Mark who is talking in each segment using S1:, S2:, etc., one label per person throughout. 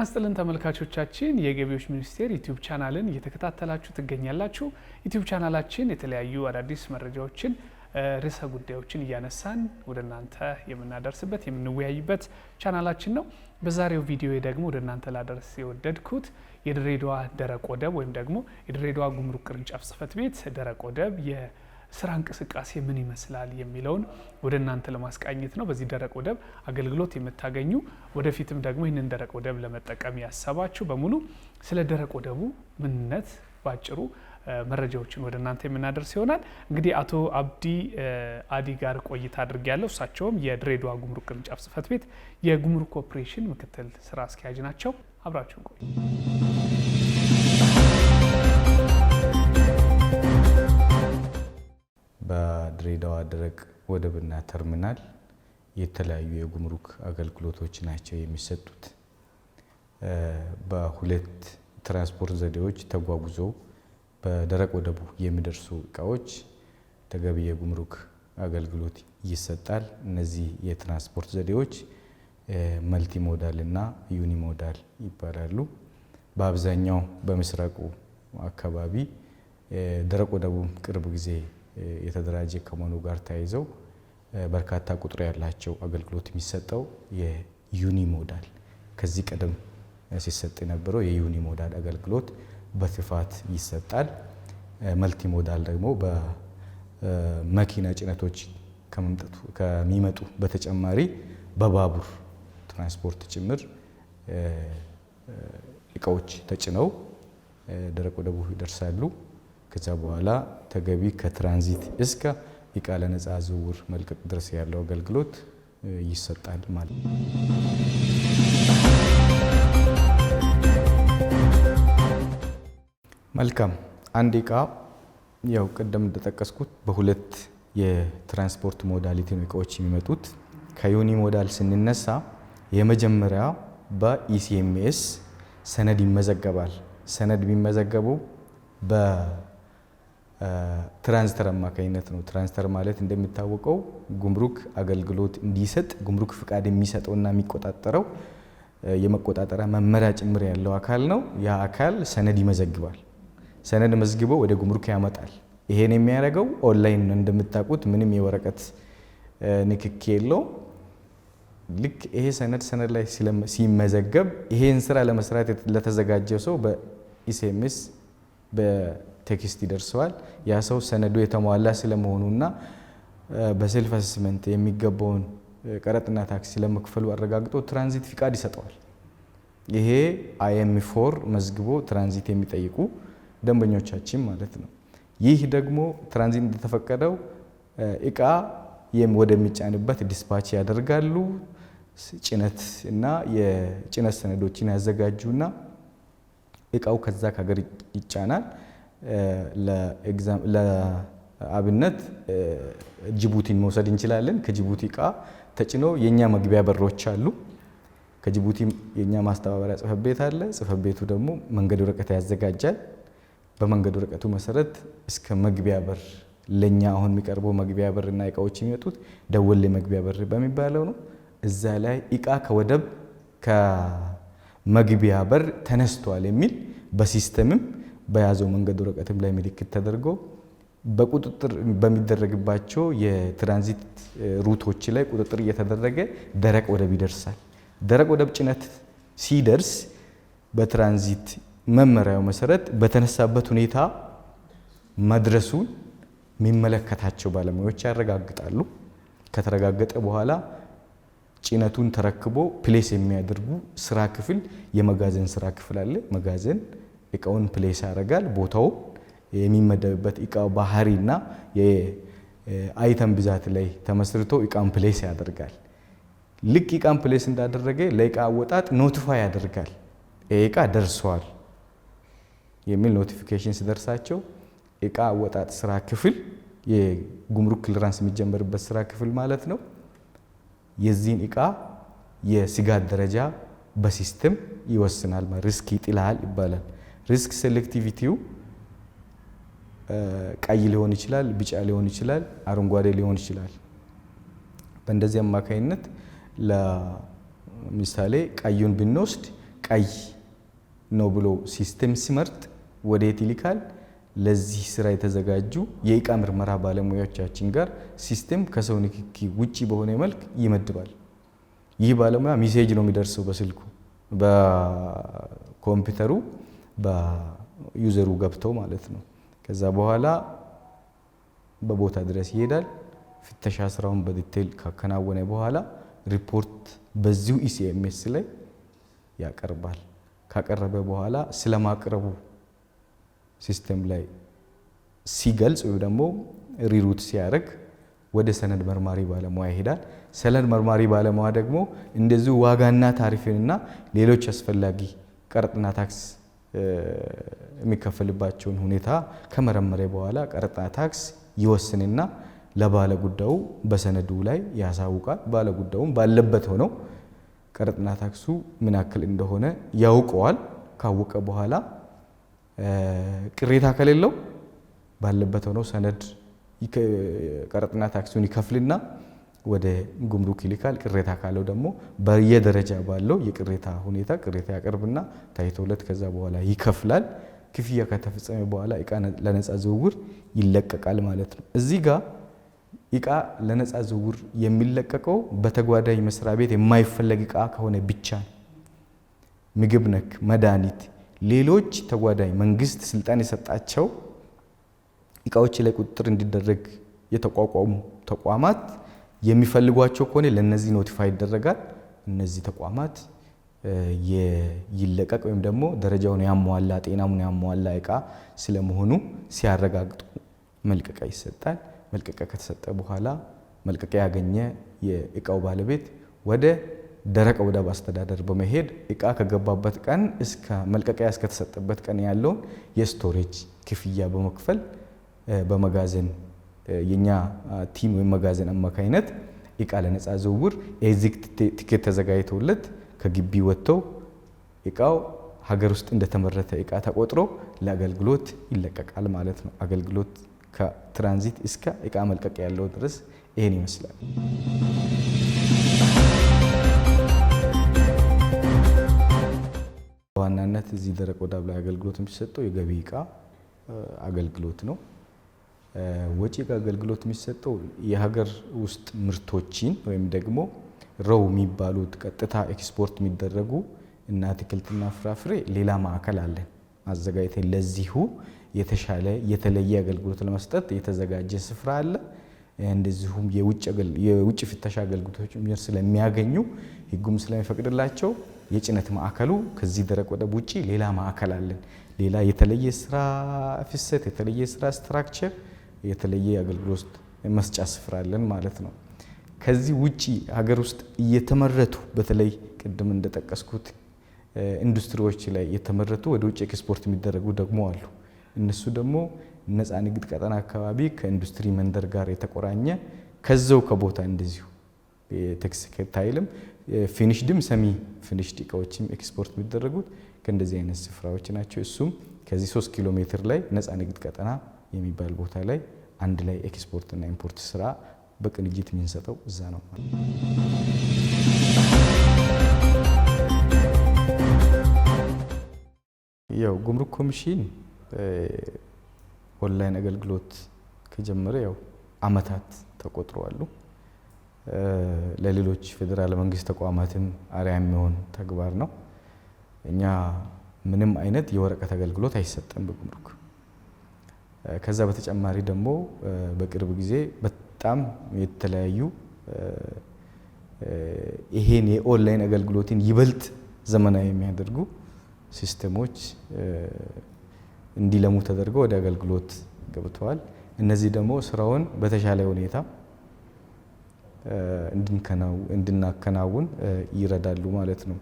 S1: ጤና ስጥልን ተመልካቾቻችን፣ የገቢዎች ሚኒስቴር ዩቲዩብ ቻናልን እየተከታተላችሁ ትገኛላችሁ። ዩቲዩብ ቻናላችን የተለያዩ አዳዲስ መረጃዎችን፣ ርዕሰ ጉዳዮችን እያነሳን ወደ እናንተ የምናደርስበት የምንወያይበት ቻናላችን ነው። በዛሬው ቪዲዮ ደግሞ ወደ እናንተ ላደርስ የወደድኩት የድሬዳዋ ደረቅ ወደብ ወይም ደግሞ የድሬዳዋ ጉምሩክ ቅርንጫፍ ጽሕፈት ቤት ደረቅ ወደብ ስራ እንቅስቃሴ ምን ይመስላል የሚለውን ወደ እናንተ ለማስቃኘት ነው። በዚህ ደረቅ ወደብ አገልግሎት የምታገኙ ወደፊትም ደግሞ ይህንን ደረቅ ወደብ ለመጠቀም ያሰባችሁ በሙሉ ስለ ደረቅ ወደቡ ምንነት ባጭሩ መረጃዎችን ወደ እናንተ የምናደርስ ይሆናል። እንግዲህ አቶ አብዲ አዲ ጋር ቆይታ አድርጌያለሁ። እሳቸውም የድሬዳዋ ጉምሩክ ቅርንጫፍ ጽፈት ቤት የጉምሩክ ኮርፖሬሽን ምክትል ስራ አስኪያጅ ናቸው። አብራችሁን ቆዩ።
S2: ድሬዳዋ ደረቅ ወደብና ተርሚናል የተለያዩ የጉምሩክ አገልግሎቶች ናቸው የሚሰጡት። በሁለት ትራንስፖርት ዘዴዎች ተጓጉዞ በደረቅ ወደቡ የሚደርሱ እቃዎች ተገቢ የጉምሩክ አገልግሎት ይሰጣል። እነዚህ የትራንስፖርት ዘዴዎች መልቲ ሞዳል እና ዩኒ ሞዳል ይባላሉ። በአብዛኛው በምስራቁ አካባቢ ደረቅ ወደቡ ቅርብ ጊዜ የተደራጀ ከመሆኑ ጋር ተያይዘው በርካታ ቁጥር ያላቸው አገልግሎት የሚሰጠው የዩኒ ሞዳል ከዚህ ቀደም ሲሰጥ የነበረው የዩኒ ሞዳል አገልግሎት በስፋት ይሰጣል። መልቲ ሞዳል ደግሞ በመኪና ጭነቶች ከሚመጡ በተጨማሪ በባቡር ትራንስፖርት ጭምር እቃዎች ተጭነው ደረቅ ወደቡ ይደርሳሉ። ከዛ በኋላ ተገቢ ከትራንዚት እስከ እቃ ነጻ ዝውውር መልቀቅ ድረስ ያለው አገልግሎት ይሰጣል ማለት ነው።
S3: መልካም አንድ እቃ ያው ቀደም እንደጠቀስኩት በሁለት የትራንስፖርት ሞዳሊቲ ነው እቃዎች የሚመጡት። ከዩኒ ሞዳል ስንነሳ የመጀመሪያ በኢሲኤምኤስ ሰነድ ይመዘገባል። ሰነድ ቢመዘገበው ትራንስተር አማካኝነት ነው። ትራንስተር ማለት እንደሚታወቀው ጉምሩክ አገልግሎት እንዲሰጥ ጉምሩክ ፍቃድ የሚሰጠውና የሚቆጣጠረው የመቆጣጠሪያ መመሪያ ጭምር ያለው አካል ነው። ያ አካል ሰነድ ይመዘግባል። ሰነድ መዝግቦ ወደ ጉምሩክ ያመጣል። ይሄን የሚያደርገው ኦንላይን እንደምታውቁት ምንም የወረቀት ንክኪ የለው። ልክ ይሄ ሰነድ ሰነድ ላይ ሲመዘገብ ይሄን ስራ ለመስራት ለተዘጋጀ ሰው በኢሲኤምኤስ ቴክስት ይደርሰዋል። ያ ሰው ሰነዱ የተሟላ ስለመሆኑና በሴልፍ አሴስመንት የሚገባውን ቀረጥና ታክስ ለመክፈሉ አረጋግጦ ትራንዚት ፍቃድ ይሰጠዋል። ይሄ አይኤም ፎር መዝግቦ ትራንዚት የሚጠይቁ ደንበኞቻችን ማለት ነው። ይህ ደግሞ ትራንዚት እንደተፈቀደው እቃ ወደሚጫንበት ዲስፓች ያደርጋሉ። ጭነት እና የጭነት ሰነዶችን ያዘጋጁና እቃው ከዛ ከሀገር ይጫናል። ለአብነት ጅቡቲን መውሰድ እንችላለን። ከጅቡቲ እቃ ተጭኖ የእኛ መግቢያ በሮች አሉ። ከጅቡቲ የእኛ ማስተባበሪያ ጽህፈት ቤት አለ። ጽህፈት ቤቱ ደግሞ መንገድ ወረቀት ያዘጋጃል። በመንገድ ወረቀቱ መሰረት እስከ መግቢያ በር ለእኛ አሁን የሚቀርበው መግቢያ በር እና እቃዎች የሚወጡት ደወሌ መግቢያ በር በሚባለው ነው። እዛ ላይ እቃ ከወደብ ከመግቢያ በር ተነስቷል የሚል በሲስተምም በያዘው መንገድ ወረቀትም ላይ ምልክት ተደርጎ በቁጥጥር በሚደረግባቸው የትራንዚት ሩቶች ላይ ቁጥጥር እየተደረገ ደረቅ ወደብ ይደርሳል። ደረቅ ወደብ ጭነት ሲደርስ በትራንዚት መመሪያው መሰረት በተነሳበት ሁኔታ መድረሱን የሚመለከታቸው ባለሙያዎች ያረጋግጣሉ። ከተረጋገጠ በኋላ ጭነቱን ተረክቦ ፕሌስ የሚያደርጉ ስራ ክፍል የመጋዘን ስራ ክፍል አለ። መጋዘን እቃውን ፕሌስ ያደርጋል። ቦታውን የሚመደብበት እቃ ባህሪና የአይተም ብዛት ላይ ተመስርቶ እቃን ፕሌስ ያደርጋል። ልክ እቃን ፕሌስ እንዳደረገ ለእቃ አወጣጥ ኖቲፋይ ያደርጋል። ይህ እቃ ደርሰዋል የሚል ኖቲፊኬሽን ሲደርሳቸው እቃ አወጣጥ ስራ ክፍል የጉምሩክ ክሊራንስ የሚጀመርበት ስራ ክፍል ማለት ነው። የዚህን እቃ የስጋት ደረጃ በሲስተም ይወስናል። ሪስክ ይጥላል ይባላል። ሪስክ ሴሌክቲቪቲው ቀይ ሊሆን ይችላል፣ ቢጫ ሊሆን ይችላል፣ አረንጓዴ ሊሆን ይችላል። በእንደዚህ አማካኝነት ለምሳሌ ቀዩን ብንወስድ ቀይ ነው ብሎ ሲስተም ሲመርጥ ወዴት ይልካል? ለዚህ ስራ የተዘጋጁ የእቃ ምርመራ ባለሙያዎቻችን ጋር ሲስተም ከሰው ንክኪ ውጭ በሆነ መልክ ይመድባል። ይህ ባለሙያ ሚሴጅ ነው የሚደርሰው በስልኩ በኮምፒውተሩ በዩዘሩ ገብተው ማለት ነው። ከዛ በኋላ በቦታ ድረስ ይሄዳል። ፍተሻ ስራውን በዲቴል ካከናወነ በኋላ ሪፖርት በዚሁ ኢሲኤምኤስ ላይ ያቀርባል። ካቀረበ በኋላ ስለማቅረቡ ሲስተም ላይ ሲገልጽ ወይ ደግሞ ሪሩት ሲያደርግ ወደ ሰነድ መርማሪ ባለሙያ ይሄዳል። ሰነድ መርማሪ ባለሙያ ደግሞ እንደዚሁ ዋጋና ታሪፍንና ሌሎች አስፈላጊ ቀረጥና ታክስ የሚከፈልባቸውን ሁኔታ ከመረመረ በኋላ ቀረጣ ታክስ ይወስንና ለባለ ጉዳዩ በሰነዱ ላይ ያሳውቃል። ባለጉዳዩም ባለበት ሆነው ቀረጥና ታክሱ ምን ያክል እንደሆነ ያውቀዋል። ካወቀ በኋላ ቅሬታ ከሌለው ባለበት ሆነው ሰነድ ቀረጥና ታክሱን ይከፍልና ወደ ጉምሩክ ይልካል። ቅሬታ ካለው ደግሞ በየደረጃ ባለው የቅሬታ ሁኔታ ቅሬታ ያቀርብና ታይቶለት ከዛ በኋላ ይከፍላል። ክፍያ ከተፈጸመ በኋላ እቃ ለነፃ ዝውውር ይለቀቃል ማለት ነው። እዚህ ጋር እቃ ለነፃ ዝውውር የሚለቀቀው በተጓዳኝ መስሪያ ቤት የማይፈለግ እቃ ከሆነ ብቻ ነው። ምግብ ነክ፣ መድኃኒት፣ ሌሎች ተጓዳኝ መንግስት ስልጣን የሰጣቸው እቃዎች ላይ ቁጥጥር እንዲደረግ የተቋቋሙ ተቋማት የሚፈልጓቸው ከሆነ ለነዚህ ኖቲፋይ ይደረጋል። እነዚህ ተቋማት ይለቀቅ ወይም ደግሞ ደረጃውን ያሟላ ጤናውን ያሟላ እቃ ስለመሆኑ ሲያረጋግጡ መልቀቂያ ይሰጣል። መልቀቂያ ከተሰጠ በኋላ መልቀቂያ ያገኘ የእቃው ባለቤት ወደ ደረቅ ወደብ አስተዳደር በመሄድ እቃ ከገባበት ቀን እስከ መልቀቂያ እስከተሰጠበት ቀን ያለውን የስቶሬጅ ክፍያ በመክፈል በመጋዘን የኛ ቲም ወይም መጋዘን አማካኝነት እቃ ለነፃ ዝውውር የዚህ ቲኬት ተዘጋጅተውለት ከግቢ ወጥተው እቃው ሀገር ውስጥ እንደተመረተ እቃ ተቆጥሮ ለአገልግሎት ይለቀቃል ማለት ነው። አገልግሎት ከትራንዚት እስከ እቃ መልቀቅ ያለው ድረስ ይሄን ይመስላል። በዋናነት እዚህ ደረቅ ወደብ ላይ አገልግሎት የሚሰጠው የገቢ እቃ አገልግሎት ነው። ወጪ አገልግሎት የሚሰጠው የሀገር ውስጥ ምርቶችን ወይም ደግሞ ረው የሚባሉት ቀጥታ ኤክስፖርት የሚደረጉ እና አትክልትና ፍራፍሬ ሌላ ማዕከል አለን አዘጋጅተን ለዚሁ የተሻለ የተለየ አገልግሎት ለመስጠት የተዘጋጀ ስፍራ አለ። እንደዚሁም የውጭ ፍተሻ አገልግሎቶች ስለሚያገኙ ህጉም ስለሚፈቅድላቸው የጭነት ማዕከሉ ከዚህ ደረቅ ወደብ ውጭ ሌላ ማዕከል አለን። ሌላ የተለየ ስራ ፍሰት፣ የተለየ ስራ ስትራክቸር የተለየ የአገልግሎት መስጫ ስፍራ አለን ማለት ነው። ከዚህ ውጪ ሀገር ውስጥ እየተመረቱ በተለይ ቅድም እንደጠቀስኩት ኢንዱስትሪዎች ላይ የተመረቱ ወደ ውጭ ኤክስፖርት የሚደረጉ ደግሞ አሉ። እነሱ ደግሞ ነፃ ንግድ ቀጠና አካባቢ ከኢንዱስትሪ መንደር ጋር የተቆራኘ ከዘው ከቦታ እንደዚሁ ቴክስታይልም ፊኒሽድም ሰሚ ፊኒሽድ እቃዎችም ኤክስፖርት የሚደረጉት ከእንደዚህ አይነት ስፍራዎች ናቸው። እሱም ከዚህ ሶስት ኪሎ ሜትር ላይ ነፃ ንግድ ቀጠና የሚባል ቦታ ላይ አንድ ላይ ኤክስፖርት እና ኢምፖርት ስራ በቅንጅት የምንሰጠው እዛ ነው። ያው ጉምሩክ ኮሚሽን ኦንላይን አገልግሎት ከጀመረ ያው አመታት ተቆጥረዋሉ። ለሌሎች ፌዴራል መንግስት ተቋማትም አሪያ የሚሆን ተግባር ነው። እኛ ምንም አይነት የወረቀት አገልግሎት አይሰጠም በጉምሩክ ከዛ በተጨማሪ ደግሞ በቅርብ ጊዜ በጣም የተለያዩ ይሄን የኦንላይን አገልግሎትን ይበልጥ ዘመናዊ የሚያደርጉ ሲስተሞች እንዲለሙ ተደርገው ወደ አገልግሎት ገብተዋል። እነዚህ ደግሞ ስራውን በተሻለ ሁኔታ እንድናከናውን ይረዳሉ ማለት ነው።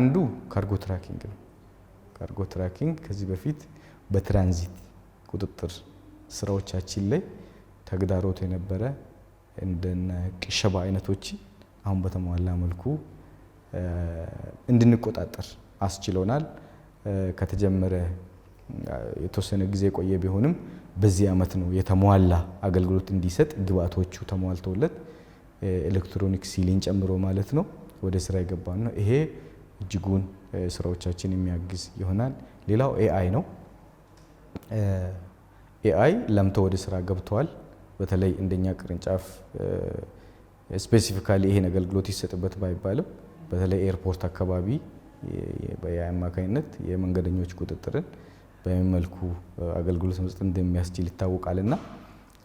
S3: አንዱ ካርጎ ትራኪንግ ነው። ካርጎ ትራኪንግ ከዚህ በፊት በትራንዚት ቁጥጥር ስራዎቻችን ላይ ተግዳሮት የነበረ እንደነ ቅሸባ አይነቶች አሁን በተሟላ መልኩ እንድንቆጣጠር አስችሎናል። ከተጀመረ የተወሰነ ጊዜ የቆየ ቢሆንም በዚህ ዓመት ነው የተሟላ አገልግሎት እንዲሰጥ ግብአቶቹ ተሟልተውለት ኤሌክትሮኒክ ሲሊን ጨምሮ ማለት ነው ወደ ስራ የገባ ነው። ይሄ እጅጉን ስራዎቻችን የሚያግዝ ይሆናል። ሌላው ኤአይ ነው። ኤአይ ለምቶ ወደ ስራ ገብተዋል። በተለይ እንደኛ ቅርንጫፍ ስፔሲፊካሊ ይሄን አገልግሎት ይሰጥበት ባይባልም በተለይ ኤርፖርት አካባቢ በኤአይ አማካኝነት የመንገደኞች ቁጥጥርን በሚመልኩ አገልግሎት መስጠት እንደሚያስችል ይታወቃልና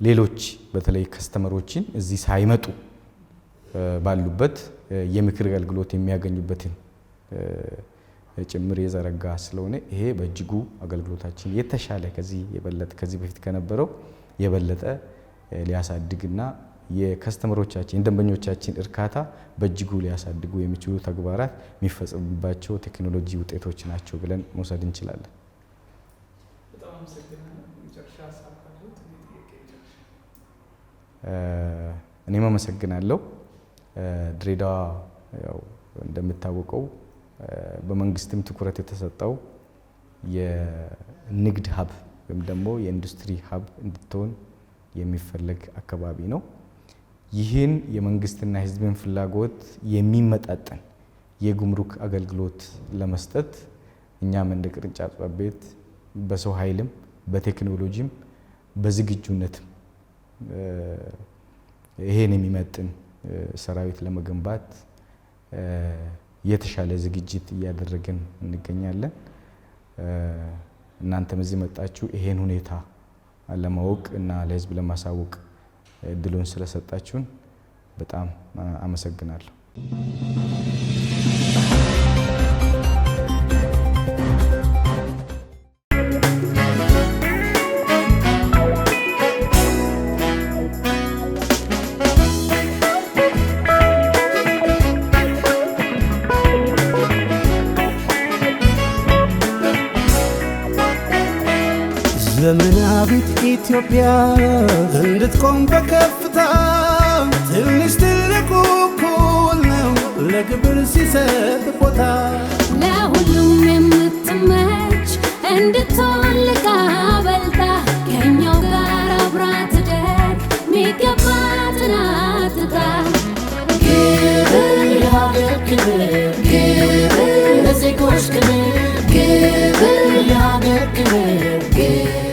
S3: ሌሎች በተለይ ከስተመሮችን እዚህ ሳይመጡ ባሉበት የምክር አገልግሎት የሚያገኙበትን ጭምር የዘረጋ ስለሆነ ይሄ በእጅጉ አገልግሎታችን የተሻለ ከዚህ የበለጠ ከዚህ በፊት ከነበረው የበለጠ ሊያሳድግና የከስተመሮቻችን የደንበኞቻችን እርካታ በእጅጉ ሊያሳድጉ የሚችሉ ተግባራት የሚፈጸሙባቸው ቴክኖሎጂ ውጤቶች ናቸው ብለን መውሰድ እንችላለን። እኔም አመሰግናለሁ። ድሬዳዋ ያው እንደምታወቀው በመንግስትም ትኩረት የተሰጠው የንግድ ሀብ ወይም ደግሞ የኢንዱስትሪ ሀብ እንድትሆን የሚፈለግ አካባቢ ነው። ይህን የመንግስትና ህዝብን ፍላጎት የሚመጣጠን የጉምሩክ አገልግሎት ለመስጠት እኛም እንደ ቅርንጫፍ ጽሕፈት ቤት በሰው ኃይልም በቴክኖሎጂም በዝግጁነትም ይሄን የሚመጥን ሰራዊት ለመገንባት የተሻለ ዝግጅት እያደረግን እንገኛለን። እናንተም እዚህ መጣችሁ ይሄን ሁኔታ ለማወቅ እና ለህዝብ ለማሳወቅ እድሉን ስለሰጣችሁን በጣም አመሰግናለሁ። ኢትዮጵያ እንድትቆም በከፍታ ትንሽ ትልቁ እኩል ነው ለግብር ሲሰጥ ቦታ ለሁሉም የምትመች እንድትሆን ልታበልጣ ከኛው ጋር አብራ ትደግ ሚገባትን አትጣ ግብር ለሀገር ክብር ግብር ለዜጎች ክብር ግብር ለሀገር ክብር